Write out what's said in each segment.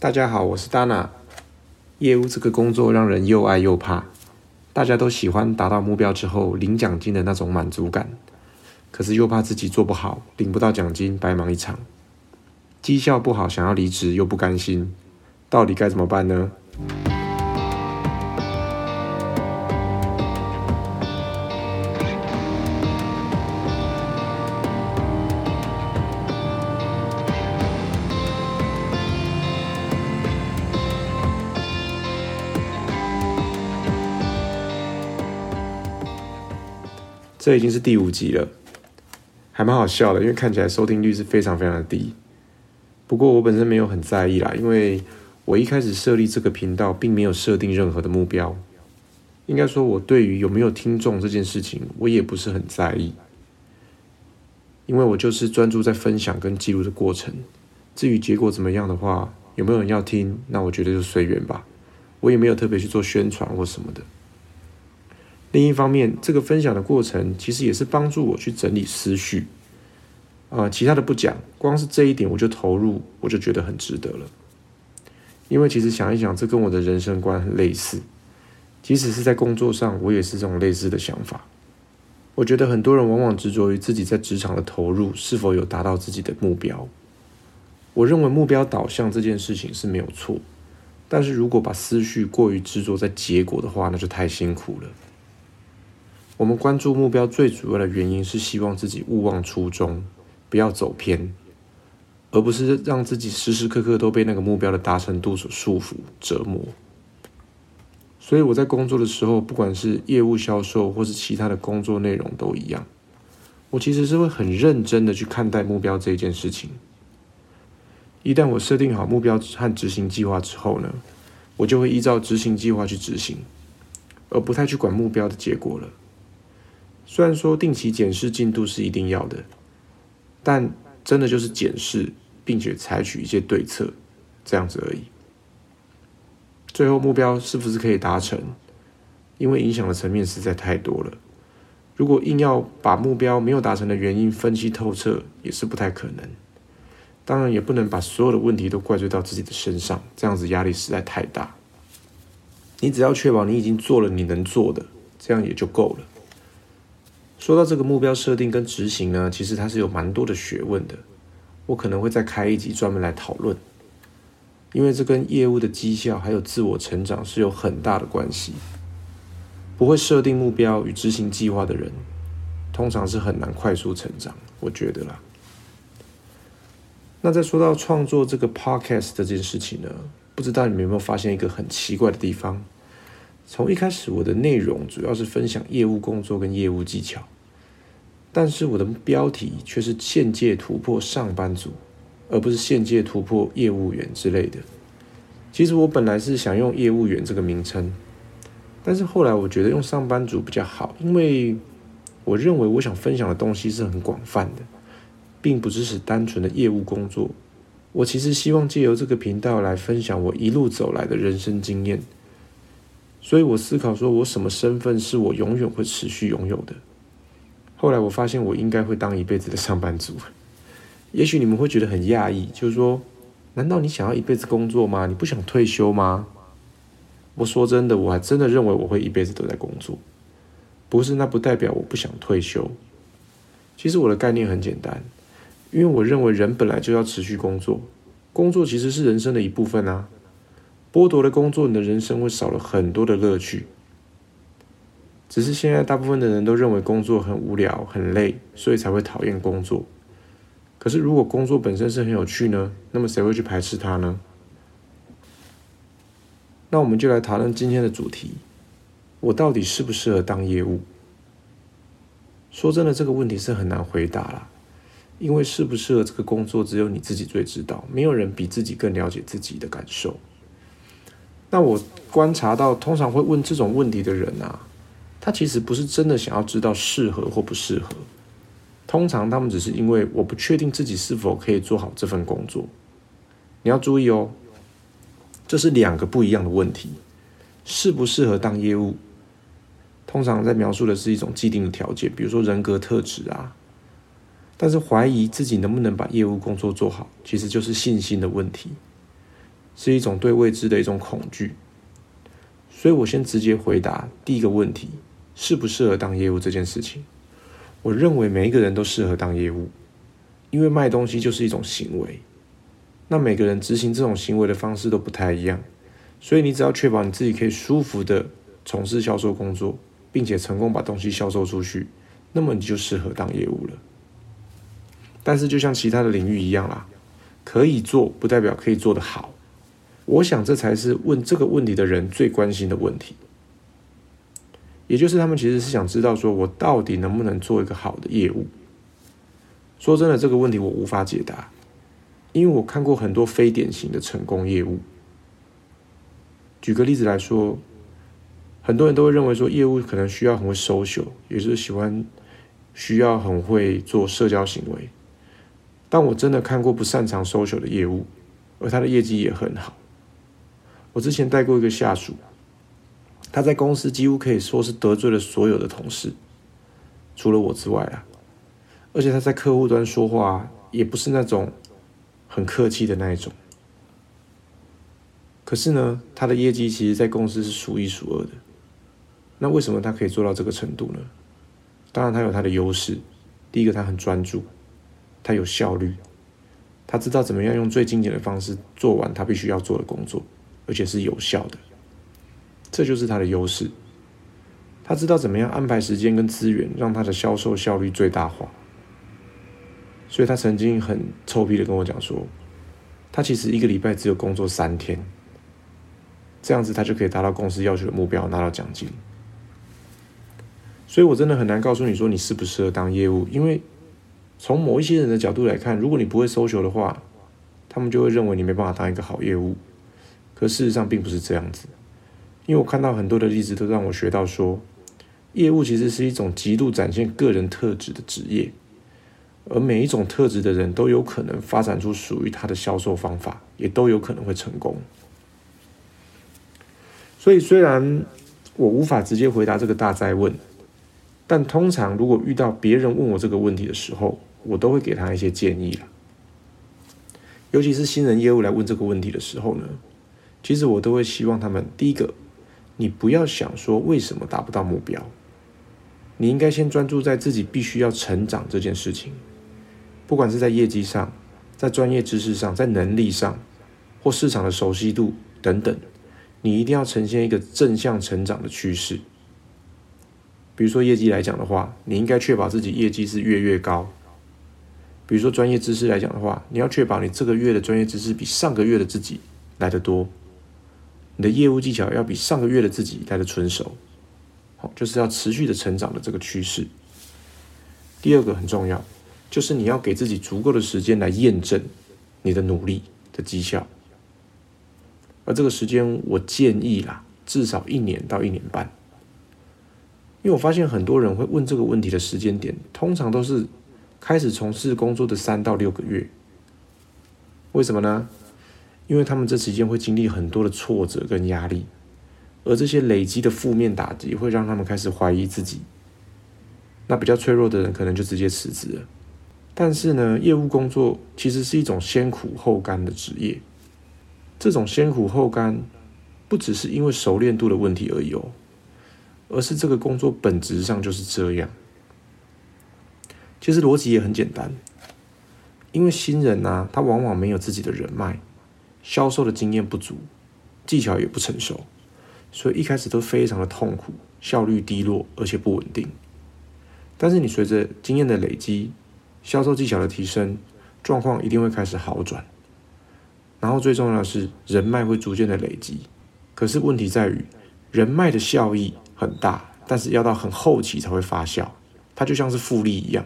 大家好，我是 Dana。業務這個工作讓人又愛又怕。大家都喜歡達到目標之後領獎金的那種滿足感，可是又怕自己做不好，領不到獎金，白忙一場。績效不好，想要離職又不甘心，到底該怎麼辦呢？這已經是第五集了，還蠻好笑的，因為看起來收聽率是非常非常的低。不過我本身沒有很在意啦，因為我一開始設立這個頻道，並沒有設定任何的目標。應該說，我對於有沒有聽眾這件事情，我也不是很在意，因為我就是專注在分享跟記錄的過程。至於結果怎麼樣的話，有沒有人要聽，那我覺得就隨緣吧。我也沒有特別去做宣傳或什麼的。另一方面，這個分享的過程其實也是幫助我去整理思緒啊，呃。其他的不講，光是這一點我就投入，我就覺得很值得了。因為其實想一想，這跟我的人生觀很類似。即使是在工作上，我也是這種類似的想法。我覺得很多人往往執着於自己在職場的投入是否有達到自己的目標。我認為目標導向這件事情是沒有錯，但是如果把思緒過於執着在結果的話，那就太辛苦了。我們關注目標最主要的原因是希望自己勿忘初衷，不要走偏，而不是讓自己時時刻刻都被那個目標的達成度所束縛折磨。所以我在工作的時候，不管是業務銷售或是其他的工作內容都一樣，我其實是會很認真的去看待目標這一件事情。一旦我設定好目標和執行計劃之後呢，我就會依照執行計劃去執行，而不太去管目標的結果了。雖然說定期檢視進度是一定要的，但真的就是檢視，並且採取一些對策，這樣子而已。最後目標是不是可以達成？因為影響的層面實在太多了。如果硬要把目標沒有達成的原因分析透徹，也是不太可能。當然也不能把所有的問題都怪罪到自己的身上，這樣子壓力實在太大。你只要確保你已經做了你能做的，這樣也就夠了。說到這個目標設定跟執行呢，其實它是有蠻多的學問的。我可能會再開一集專門來討論，因為這跟業務的績效還有自我成長是有很大的關係。不會設定目標與執行計劃的人，通常是很難快速成長，我覺得啦。那在說到創作這個 podcast 的這件事情呢，不知道你們有沒有發現一個很奇怪的地方？從一開始，我的內容主要是分享業務工作跟業務技巧，但是我的標題卻是限界突破上班族，而不是限界突破業務員之類的。其實我本來是想用業務員這個名稱，但是後來我覺得用上班族比較好，因為我認為我想分享的東西是很廣泛的，並不只是單純的業務工作。我其實希望借由這個頻道來分享我一路走來的人生經驗。所以我思考說，我什麼身份是我永遠會持續擁有的？後來我發現，我應該會當一輩子的上班族。也許你們會覺得很訝異，就是說，難道你想要一輩子工作嗎？你不想退休嗎？我說真的，我還真的認為我會一輩子都在工作。不是，那不代表我不想退休。其實我的概念很簡單，因為我認為人本來就要持續工作，工作其實是人生的一部分啊。剝奪了工作，你的人生會少了很多的樂趣。只是現在大部分的人都認為工作很無聊、很累，所以才會討厭工作。可是如果工作本身是很有趣呢？那麼誰會去排斥它呢？那我們就來討論今天的主題：我到底適不適合當業務？說真的，這個問題是很難回答啦，因為適不適合這個工作，只有你自己最知道。沒有人比自己更了解自己的感受。那我觀察到，通常會問這種問題的人啊，他其實不是真的想要知道適合或不適合。通常他們只是因為我不確定自己是否可以做好這份工作。你要注意哦，這是兩個不一樣的問題。適不適合當業務，通常在描述的是一種既定的條件，比如說人格特質啊。但是懷疑自己能不能把業務工作做好，其實就是信心的問題。是一種對未知的一種恐懼，所以我先直接回答第一個問題：適不適合當業務這件事情？我認為每一個人都適合當業務，因為賣東西就是一種行為，那每個人執行這種行為的方式都不太一樣，所以你只要確保你自己可以舒服的從事銷售工作，並且成功把東西銷售出去，那麼你就適合當業務了。但是就像其他的領域一樣啦，可以做不代表可以做得好。我想這才是問這個問題的人最關心的問題，也就是他們其實是想知道，說我到底能不能做一個好的業務？說真的，這個問題我無法解答，因為我看過很多非典型的成功業務。舉個例子來說，很多人都會認為說業務可能需要很會 social，也就是喜歡需要很會做社交行為，但我真的看過不擅長 social 的業務，而他的業績也很好。我之前帶過一個下屬，他在公司幾乎可以說是得罪了所有的同事，除了我之外啊，而且他在客戶端說話也不是那種很客氣的那一種。可是呢，他的業績其實在公司是數一數二的。那為什麼他可以做到這個程度呢？當然，他有他的優勢。第一個，他很專注，他有效率，他知道怎麼樣用最精簡的方式做完他必須要做的工作。而且是有效的，這就是他的優勢。他知道怎麼樣安排時間跟資源，讓他的銷售效率最大化。所以他曾經很臭屁的跟我講說，他其實一個禮拜只有工作三天，這樣子他就可以達到公司要求的目標，拿到獎金。所以，我真的很難告訴你說你適不適合當業務，因為從某一些人的角度來看，如果你不會 social 的話，他們就會認為你沒辦法當一個好業務。可事實上並不是這樣子，因為我看到很多的例子，都讓我學到說，業務其實是一種極度展現個人特質的職業，而每一種特質的人都有可能發展出屬於他的銷售方法，也都有可能會成功。所以雖然我無法直接回答這個大哉問，但通常如果遇到別人問我這個問題的時候，我都會給他一些建議了，尤其是新人業務來問這個問題的時候呢。其實我都會希望他們，第一個，你不要想說為什麼達不到目標，你應該先專注在自己必須要成長這件事情，不管是在業績上，在專業知識上，在能力上，或市場的熟悉度等等，你一定要呈現一個正向成長的趨勢。比如說業績來講的話，你應該確保自己業績是越越高。比如說專業知識來講的話，你要確保你這個月的專業知識比上個月的自己來得多。你的業務技巧要比上個月的自己來的純熟，好，就是要持續的成長的這個趨勢。第二個很重要，就是你要給自己足夠的時間來驗證你的努力的績效，而這個時間我建議啦，至少一年到一年半。因為我發現很多人會問這個問題的時間點，通常都是開始從事工作的三到六個月，為什麼呢？因為他們這期間會經歷很多的挫折跟壓力，而這些累積的負面打擊會讓他們開始懷疑自己。那比較脆弱的人可能就直接辭職了。但是呢，業務工作其實是一種先苦後甘的職業。這種先苦後甘不只是因為熟練度的問題而已哦，而是這個工作本質上就是這樣。其實邏輯也很簡單，因為新人啊，他往往沒有自己的人脈。銷售的經驗不足，技巧也不成熟，所以一開始都非常的痛苦，效率低落，而且不穩定。但是你隨着經驗的累積，銷售技巧的提升，狀況一定會開始好轉。然後最重要的是人脈會逐漸的累積，可是問題在於人脈的效益很大，但是要到很後期才會發酵，它就像是複利一樣，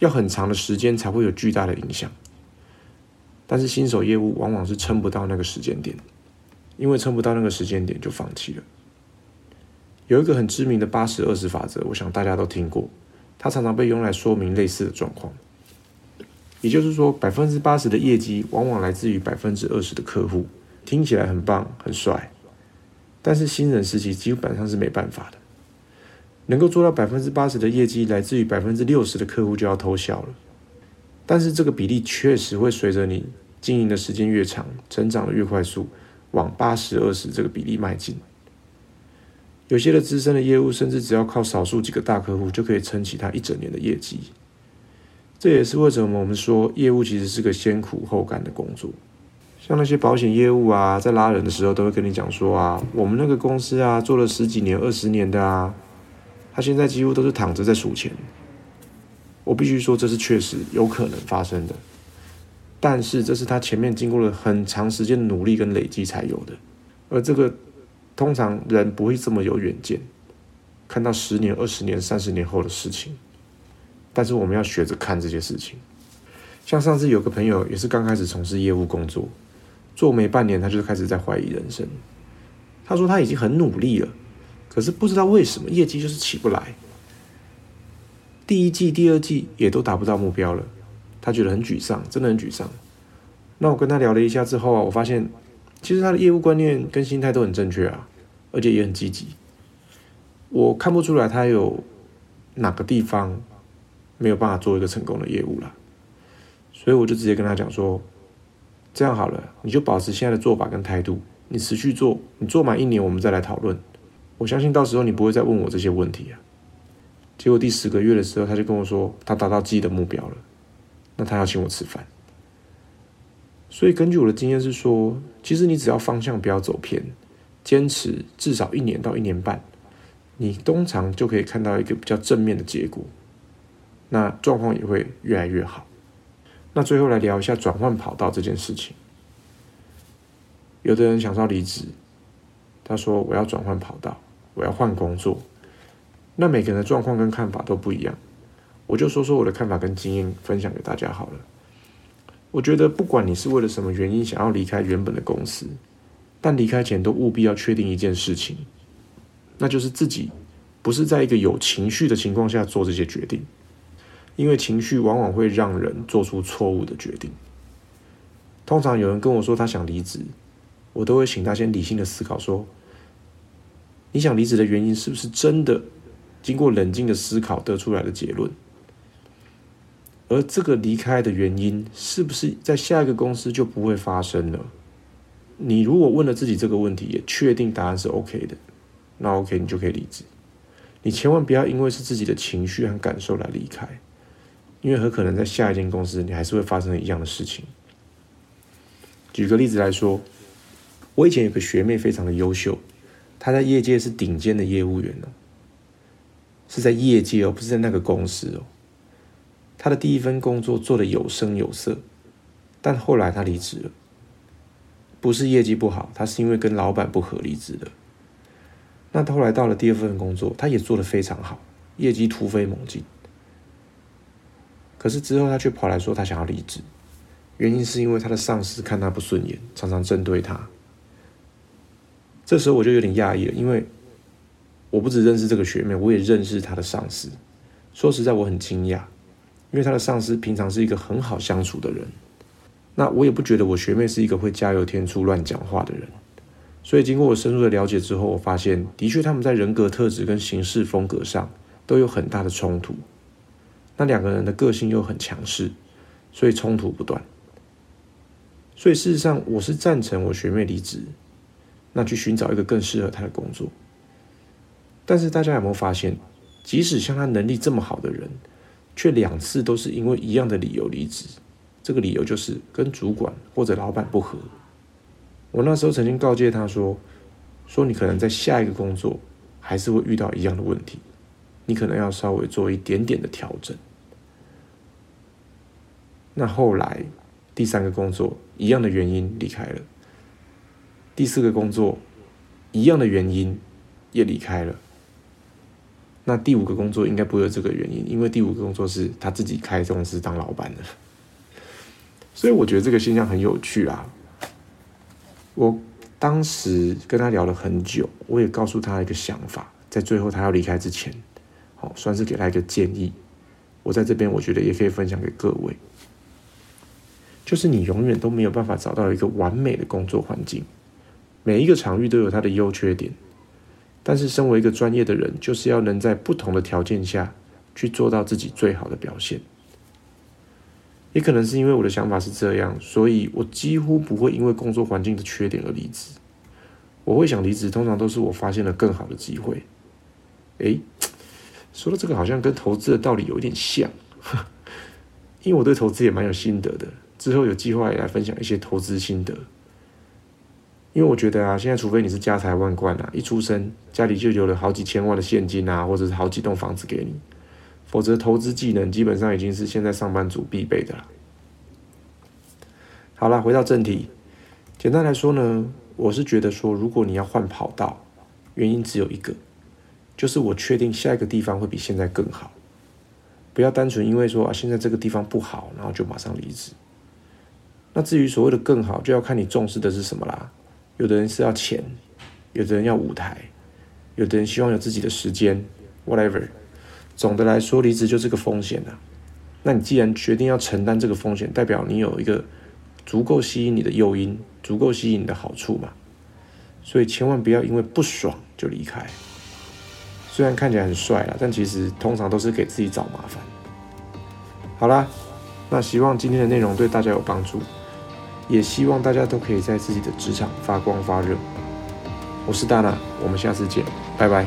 要很長的時間才會有巨大的影響。但是新手業務往往是撐不到那個時間點，因為撐不到那個時間點就放棄了。有一個很知名的八十二十法則，我想大家都聽過，它常常被用來說明類似的狀況。也就是說，百分之八十的業績往往來自於百分之二十的客戶，聽起來很棒，很帥，但是新人時期基本上是沒辦法的。能夠做到百分之八十的業績來自於百分之六十的客戶就要偷笑了，但是這個比例確實會隨着你。經營的時間越長，成長的越快速，往八十、二十這個比例邁進。有些的資深的業務，甚至只要靠少數幾個大客戶，就可以撐起他一整年的業績。這也是為什麼我們說業務其實是個先苦後甘的工作。像那些保險業務啊，在拉人的時候，都會跟你講說啊，我們那個公司啊，做了十幾年、二十年的啊，他現在幾乎都是躺着在數錢。我必須說，這是確實有可能發生的。但是這是他前面經過了很長時間努力跟累積才有的，而這個通常人不會這麼有遠見，看到十年、二十年、三十年後的事情。但是我們要學着看這些事情。像上次有個朋友，也是剛開始從事業務工作，做沒半年他就開始在懷疑人生。他說他已經很努力了，可是不知道為什麼業績就是起不來。第一季、第二季也都達不到目標了。他覺得很沮喪，真的很沮喪。那我跟他聊了一下之後啊，我發現其實他的業務觀念跟心態都很正確啊，而且也很積極。我看不出來他有哪個地方沒有辦法做一個成功的業務啦，所以我就直接跟他講說：“這樣好了，你就保持現在的做法跟態度，你持續做，你做滿一年我們再來討論。我相信到時候你不會再問我這些問題啊。”結果第十個月的時候，他就跟我說他達到自己的目標了。那他要請我吃飯，所以根據我的經驗是說，其實你只要方向不要走偏，堅持至少一年到一年半，你通常就可以看到一個比較正面的結果，那狀況也會越來越好。那最後來聊一下轉換跑道這件事情，有的人想要離職，他說我要轉換跑道，我要換工作，那每個人的狀況跟看法都不一樣。我就說說我的看法跟經驗，分享給大家好了。我覺得不管你是為了什麼原因想要離開原本的公司，但離開前都務必要確定一件事情，那就是自己不是在一個有情緒的情況下做這些決定，因為情緒往往會讓人做出錯誤的決定。通常有人跟我說他想離職，我都會請他先理性的思考，說你想離職的原因是不是真的，經過冷靜的思考得出來的結論？而這個離開的原因是不是在下一個公司就不會發生了？你如果問了自己這個問題，也確定答案是 OK 的，那 OK 你就可以離職。你千萬不要因為是自己的情緒和感受來離開，因為很可能在下一間公司你還是會發生一樣的事情。舉個例子來說，我以前有個學妹非常的優秀，她在業界是頂尖的業務員哦，是在業界哦，不是在那個公司哦。他的第一份工作做得有聲有色，但後來他離職了，不是業績不好，他是因為跟老板不合離職的。那後來到了第二份工作，他也做得非常好，業績突飛猛進。可是之後他卻跑來說他想要離職，原因是因為他的上司看他不順眼，常常針對他。這時候我就有點訝異了，因為我不只認識這個學妹，我也認識他的上司。說實在，我很驚訝。因為他的上司平常是一個很好相處的人，那我也不覺得我學妹是一個會加油添醋、亂講話的人，所以經過我深入的了解之後，我發現的確他們在人格特質跟行事風格上都有很大的衝突。那兩個人的個性又很強勢，所以衝突不斷。所以事實上，我是贊成我學妹離職，那去尋找一個更適合她的工作。但是大家有沒有發現，即使像她能力這麼好的人，卻兩次都是因為一樣的理由離職，這個理由就是跟主管或者老闆不和。我那時候曾經告誡他說：“說你可能在下一個工作還是會遇到一樣的問題，你可能要稍微做一點點的調整。”那後來第三個工作一樣的原因離開了，第四個工作一樣的原因也離開了。那第五個工作應該不會有這個原因，因為第五個工作是他自己開公司當老闆的，所以我覺得這個現象很有趣啊。我當時跟他聊了很久，我也告訴他一個想法，在最後他要離開之前，好算是給他一個建議。我在這邊我覺得也可以分享給各位，就是你永遠都沒有辦法找到一個完美的工作環境，每一個場域都有它的優缺點。但是，身為一個專業的人，就是要能在不同的條件下去做到自己最好的表現。也可能是因為我的想法是這樣，所以我幾乎不會因為工作環境的缺點而離職。我會想離職，通常都是我發現了更好的機會。誒，說到這個，好像跟投資的道理有點像，因為我對投資也蠻有心得的。之後有計劃來，來分享一些投資心得。因為我覺得啊，現在除非你是家財萬貫啊，一出生家裡就有了好幾千萬的現金啊，或者是好幾棟房子給你，否則投資技能基本上已經是現在上班族必備的了。好了，回到正題，簡單來說呢，我是覺得說，如果你要換跑道，原因只有一個，就是我確定下一個地方會比現在更好。不要單純因為說啊，現在這個地方不好，然後就馬上離職。那至於所謂的更好，就要看你重視的是什麼啦。有的人是要錢，有的人要舞台，有的人希望有自己的時間，whatever。總的來說，離職就是個風險啦。那你既然決定要承擔這個風險，代表你有一個足夠吸引你的誘因，足夠吸引你的好處嘛。所以千萬不要因為不爽就離開，雖然看起來很帥啦，但其實通常都是給自己找麻煩。好啦，那希望今天的內容對大家有幫助。也希望大家都可以在自己的職場發光發熱。我是大娜，我們下次見，拜拜。